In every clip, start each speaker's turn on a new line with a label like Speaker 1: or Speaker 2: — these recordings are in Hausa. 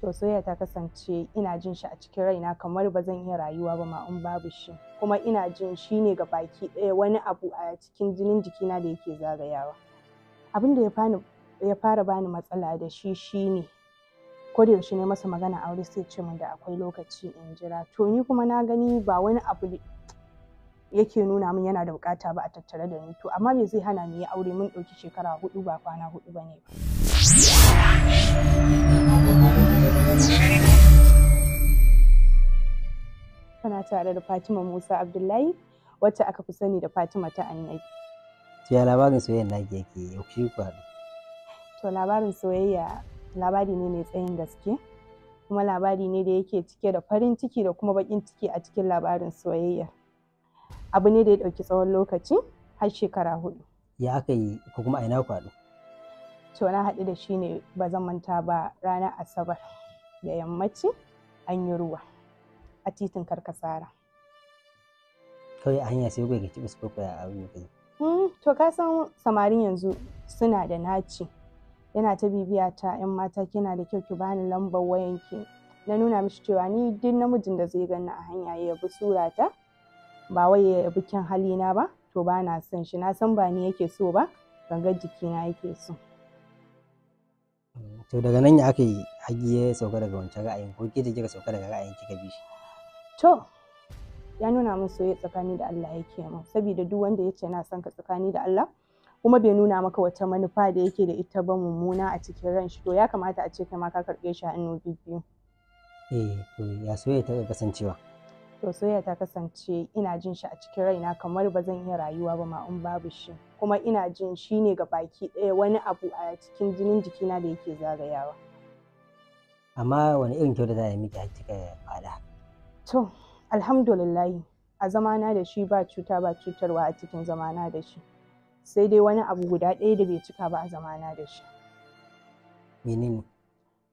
Speaker 1: to soyayya ta kasance ina jin shi a cikin raina kamar ba zan iya rayuwa ba ma in babu shi kuma ina jin shi ne ga baki ɗaya wani abu a cikin jinin jikina da yake zagayawa abin da ya fara bani matsala da shi shi ne. yaushe ne masa magana aure sai ce min da akwai lokaci in jira to ni kuma na gani ba wani abu yake nuna min yana da bukata ba a tattare da ni to amma me zai hana mu yi aure mun ɗauki shekara hudu ba kwana hudu ba ne ba Kana tare da Fatima Musa Abdullahi wacce aka fi sani da Fatima ta annabi.
Speaker 2: Ya labarin soyayya ke yake yaushe ku kwaɗo.
Speaker 1: To labarin soyayya labari ne mai tsayin gaske kuma labari ne da yake cike da farin ciki da kuma baƙin ciki a cikin labarin soyayya. Abu ne da ya ɗauki tsawon lokaci har shekara hudu.
Speaker 2: Ya aka yi ko kuma a ina
Speaker 1: To na haɗu da shi ne ba zan manta ba ranar Asabar. da yammaci an yi ruwa a titin karkasara
Speaker 2: kawai a hanya sai kuwa ga cibis kwaikwaya a wurin kai
Speaker 1: mm, to ka san samarin yanzu suna da naci yana ta bibiya ta yan mata kina da kyau ki bani lambar wayanki na nuna mishi cewa ni duk namijin da zai ganni a hanya ya bi surata ba wai ya bi kyan halina ba to ba na son shi na san ba ni yake so ba gangar jikina yake so
Speaker 2: to daga nan ya aka yi hagi ya sauka daga wancan ra'ayin ko ke kika sauka daga ra'ayin kika bi shi
Speaker 1: to ya nuna min soyayya tsakani da Allah yake min saboda duk wanda yace na son ka tsakani da Allah kuma bai nuna maka wata manufa da yake da ita ba mummuna a cikin ran shi to ya kamata a ce kai ma ka karɓe shi hannu biyu
Speaker 2: eh to ya soyayya ta kasancewa
Speaker 1: to soyayya ta kasance ina jin shi a cikin raina kamar ba zan iya rayuwa ba ma in babu shi kuma ina jin shi ne ga baki ɗaya wani abu a cikin jinin jikina da yake zagayawa.
Speaker 2: Amma wani irin kyau da za a yi miki cika faɗa?
Speaker 1: To, alhamdulillahi a zamana da shi ba cuta ba cutarwa a cikin zamana da shi. Sai dai wani abu guda ɗaya da bai cika ba a zamana da shi. Menene?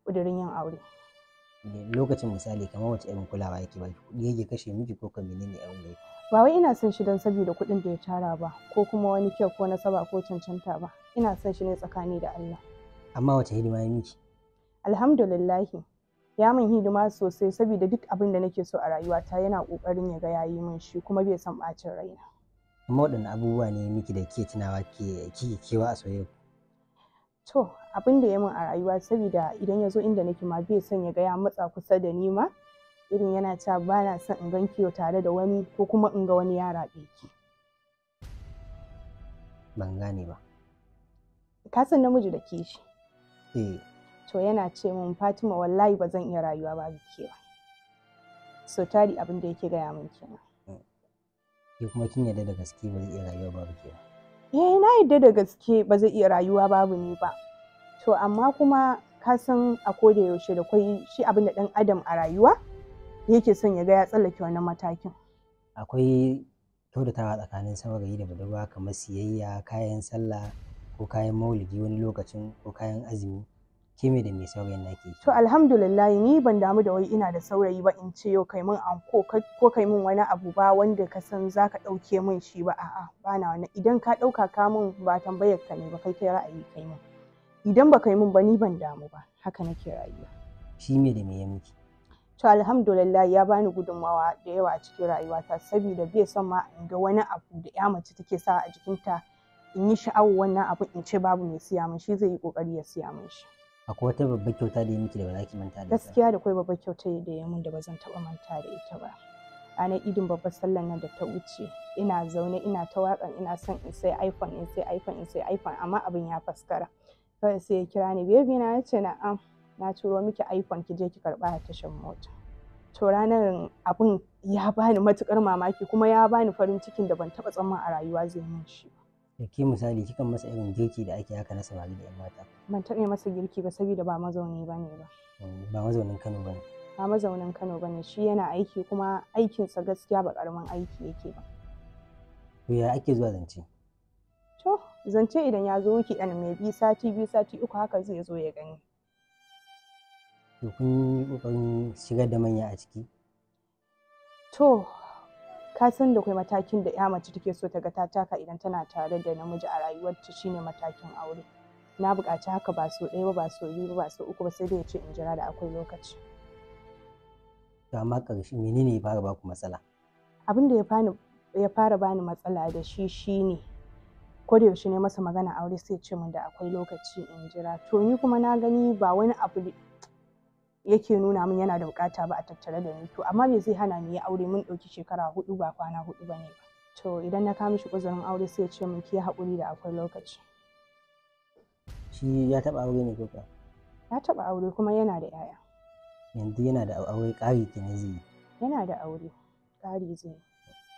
Speaker 1: Ƙudurin yin aure.
Speaker 2: Lokacin misali kamar wace irin kulawa yake ba kuɗi yake kashe miki ko ka menene
Speaker 1: abin ba wai ina son shi don saboda kuɗin da ya tara ba ko kuma wani kyau ko nasaba ko cancanta ba ina son shi ne tsakani da Allah
Speaker 2: amma wata hidima ya miki
Speaker 1: alhamdulillahi ya min hidima sosai saboda duk abin da nake so a rayuwata yana kokarin ya ga yayi min shi kuma bai san bacin raina
Speaker 2: amma waɗanne abubuwa ne miki da ke tunawa ke kike kewa a soyayya
Speaker 1: to abin da ya min a rayuwa saboda idan ya zo inda nake ma bai son ya ga ya matsa kusa da ni ma irin yana cewa ba na son in gan kiyo tare da wani ko kuma in ga wani ya raɓe ki.
Speaker 2: Ban gane ba.
Speaker 1: Ka san namiji da kishi. Eh. To yana ce min Fatima wallahi ba zan iya rayuwa ba ke ba. So tari abin da yake gaya min kenan. Mm.
Speaker 2: Ke kuma kin yarda da gaske ba zai iya rayuwa babu ke ba.
Speaker 1: Eh na yarda da gaske ba zai iya rayuwa babu ni ba. To amma kuma ka san a koda yaushe da kwai shi abin da ɗan adam a rayuwa yake son ya ga ya tsallake wannan matakin
Speaker 2: akwai kyautatawa tsakanin saurayi da budurwa kamar siyayya kayan sallah ko kayan maulidi wani lokacin ko kayan azumi ke me da me saurayin nake
Speaker 1: to alhamdulillah ni ban damu da wai ina da saurayi ba in ce yau kai min anko ko kai min wani abu ba wanda ka san zaka dauke mun shi ba a'a bana wani idan ka dauka ka min ba tambayar ka ne ba kai kai ra'ayi kai min idan ba kai min ba ni ban damu ba haka nake rayuwa
Speaker 2: shi me da me ya miki
Speaker 1: to alhamdulillah ya bani gudunmawa da yawa a cikin rayuwata saboda bai son ma in ga wani abu da ya mace take sa a jikinta in yi sha'awar wannan abu in ce babu mai siya min shi zai yi kokari ya siya min shi
Speaker 2: akwai wata babbar kyauta da ya miki da ba za ki manta da ita gaskiya
Speaker 1: da kai babbar kyauta da ya mun da ba zan taba manta da ita ba ranar idin babbar sallar nan da ta wuce ina zaune ina ta waƙan ina son in sai iphone in sai iphone in sai iphone amma abin ya faskara kawai sai ya kira ni bebi na ya ce na'am na turo miki aikon ki je ki karba a tashin mota to ranar abun ya bani matukar mamaki kuma ya bani farin cikin da ban taba tsamman a rayuwa zai min shi
Speaker 2: da ke misali kikan masa irin girki da ake haka na samari da yan mata
Speaker 1: ban taɓa masa girki ba saboda ba mazauni ba ne ba
Speaker 2: mm, ba mazaunin kano ba ne
Speaker 1: ba mazaunin kano ba ne shi yana aiki kuma aikinsa gaskiya ba karamin aiki yake ba
Speaker 2: to ya ake zuwa zance
Speaker 1: to zance idan ya zo wiki ɗan mai bi sati biyu sati uku haka zai zo ya gani
Speaker 2: to kun yi ƙoƙarin shigar da manya a ciki
Speaker 1: to ka san da kai matakin da ya mace take so ta ga ta taka idan tana tare da namiji a rayuwarta shine matakin aure na buƙaci haka ba so ɗaya ba ba so biyu ba so uku ba sai dai ce in jira da akwai lokaci
Speaker 2: to amma ƙarshe menene ya fara baku matsala
Speaker 1: abin da ya fara ya fara bani matsala da shi shine ko da yaushe ne masa magana aure sai ce min da akwai lokaci in jira to ni kuma na gani ba wani abu yake nuna min yana da bukata ba a tattare da ni to amma me zai hana ni ya aure mun ɗauki shekara hudu ba kwana hudu ba ne to idan na kawo mishi uzurin aure sai ya ce min ki haƙuri da akwai lokaci
Speaker 2: shi ya taɓa aure ne ko
Speaker 1: ya taɓa aure kuma yana da yaya
Speaker 2: yanzu yana da aure ƙari kenan zai
Speaker 1: yana da aure ƙari zai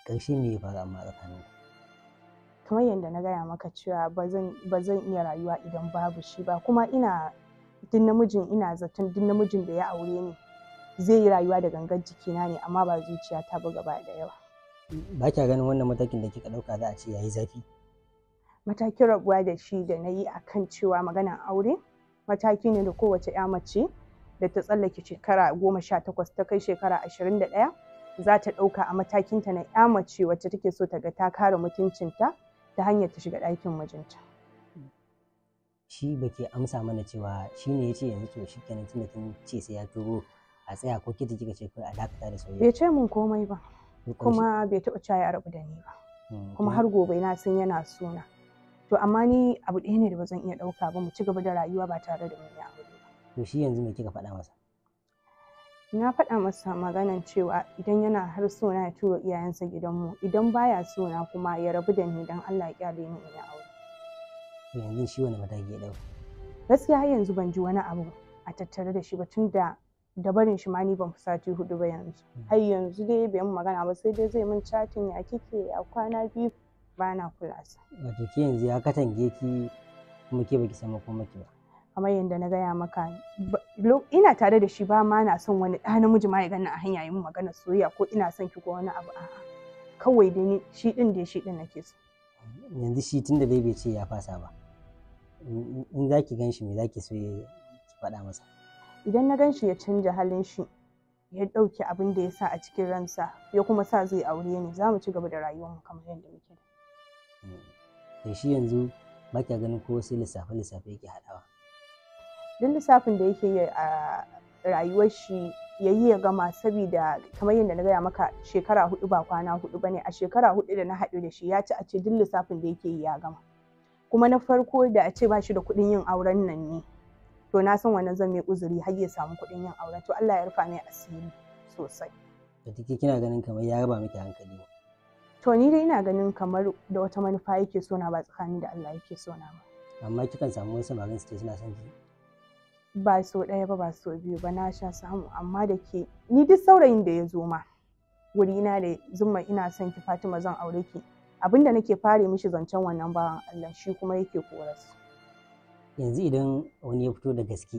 Speaker 2: ƙarshe me ya faru amma tsakanin
Speaker 1: kamar yadda na gaya maka cewa ba zan iya rayuwa idan babu shi ba kuma ina duk namijin ina zaton duk namijin da ya aure ni zai yi rayuwa da gangar jikina ne amma ba zuciya ta ba gaba da yawa
Speaker 2: ba kya ganin wannan matakin da kika ɗauka za a ce yayi zafi
Speaker 1: matakin rabuwa da shi da na yi a kan cewa maganan aure mataki ne da kowace 'ya mace da ta tsallake shekara goma sha takwas ta kai shekara ashirin da ɗaya za ta ɗauka a matakinta na 'ya mace wacce take so ta ga ta kare mutuncinta ta hanyar ta shiga ɗakin mijinta.
Speaker 2: shi ba ke amsa mana cewa shi ne ya ce yanzu to shi kenan tun da kin ce sai ya turo a tsaya ko kiti kika ce ko a dakata da soyayya bai
Speaker 1: ce mun komai ba kuma bai taɓa caya a rabu da ni ba hmm, kuma har gobe na san yana suna to amma ni abu ɗaya ne da ba zan iya ɗauka ba mu ci gaba da rayuwa ba tare da mun yi aure ba
Speaker 2: to shi yanzu me kika faɗa masa
Speaker 1: na faɗa masa maganan cewa idan yana har suna ya tura iyayensa gidanmu idan baya suna kuma ya rabu da ni dan Allah ya kyale ni in yi aure
Speaker 2: yanzu shi wani mataki ya ɗauka
Speaker 1: gaskiya har yanzu ban ji wani abu a tattare da shi ba tun da da barin shi ma ni ban sati hudu ba yanzu hmm. har yanzu dai bai mun magana ba sai dai zai min chatin ya kike a kwana biyu ba na kula sa
Speaker 2: wato ki yanzu ya katange ki kuma ke baki san ko maki ba
Speaker 1: kamar yadda na gaya maka ina tare da shi ba ma na son wani ɗa namiji ma ya gani a hanya yin magana soyayya ko ina son ki ko wani abu a kawai dai ni shi din da shi din nake so
Speaker 2: yanzu shi da dai bai ce ya fasa ba in za ki gan shi me za ki so ya faɗa masa
Speaker 1: idan na gan shi ya canza halin shi ya ɗauki abin da ya sa a cikin ransa ya kuma sa zai aure ni za mu ci gaba da rayuwar mu kamar yadda muke
Speaker 2: da mm. shi yanzu ba kya ganin ko sai lissafe lissafe yake haɗawa
Speaker 1: duk lissafin da yake yi a rayuwar shi ya yi ya gama sabida kamar yadda na gaya maka shekara hudu ba kwana hudu ne, a shekara hudu da na haɗu da shi ya ci a ce duk lissafin da yake yi ya gama kuma na farko da a ce ba shi da kuɗin yin auren nan ne to na san wannan zan mai uzuri har ya samu kuɗin yin auren to Allah ya rufa mai asiri sosai
Speaker 2: da kike kina ganin kamar ya raba miki hankali
Speaker 1: to ni dai ina ganin kamar da wata manufa yake so na ba tsakanin da Allah yake so na
Speaker 2: ba amma kikan samu wasu magan su ce suna son ki
Speaker 1: ba so ɗaya ba ba so biyu ba na sha samu amma da ke ni duk saurayin da ya zo ma wurina da zumma, ina son ki Fatima zan aure ki abinda nake fare mishi zancen wannan bawan Allah shi kuma yake koras
Speaker 2: yanzu idan wani ya fito da gaske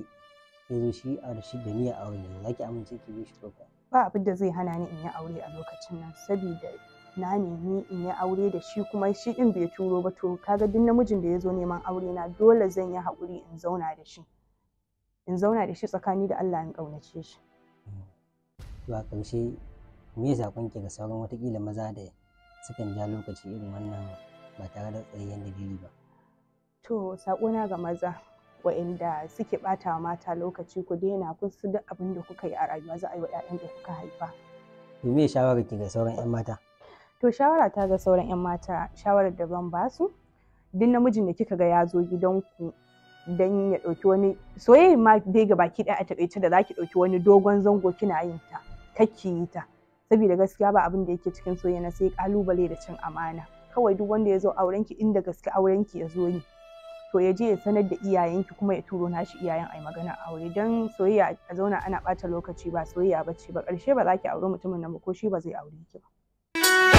Speaker 2: ya zo shi a rashi da niyya aure ne zaki amince ki bi shi ko
Speaker 1: ba abin da zai hana ni in yi aure a lokacin nan saboda na nemi in yi aure da shi kuma shi din bai turo ba to kaga duk namijin da ya zo neman aure na dole zan yi haƙuri in zauna da shi in zauna da shi tsakani da Allah in ƙaunace shi mm.
Speaker 2: to a ƙarshe me saƙon ki ga sauran watakila maza da sukan ja lokaci irin wannan ba tare da tsayayyen dalili ba
Speaker 1: to saƙona ga maza waɗanda suke ɓata wa mata lokaci ku daina kun su duk abin da kuka yi a rayuwa za a yi wa 'ya'yan da kuka haifa
Speaker 2: to me shawara ki ga sauran 'yan mata
Speaker 1: to shawara ta ga sauran 'yan mata shawarar da ban ba su duk namijin da kika ga ya zo gidanku don ya ɗauki wani soyayya ma dai ga baki ɗaya a taƙaice da za ki ɗauki wani dogon zango kina yin ta kakki yi ta saboda gaskiya ba abin da yake cikin soyayya na sai kalubale da cin amana kawai duk wanda ya zo aurenki inda gaske aurenki ya zo ne to ya je ya sanar da iyayenki kuma ya turo nashi iyayen ai magana aure dan soyayya a zauna ana bata lokaci ba soyayya ba ce ba karshe ba za ki auri mutumin nan ba ko shi ba zai aure ki ba.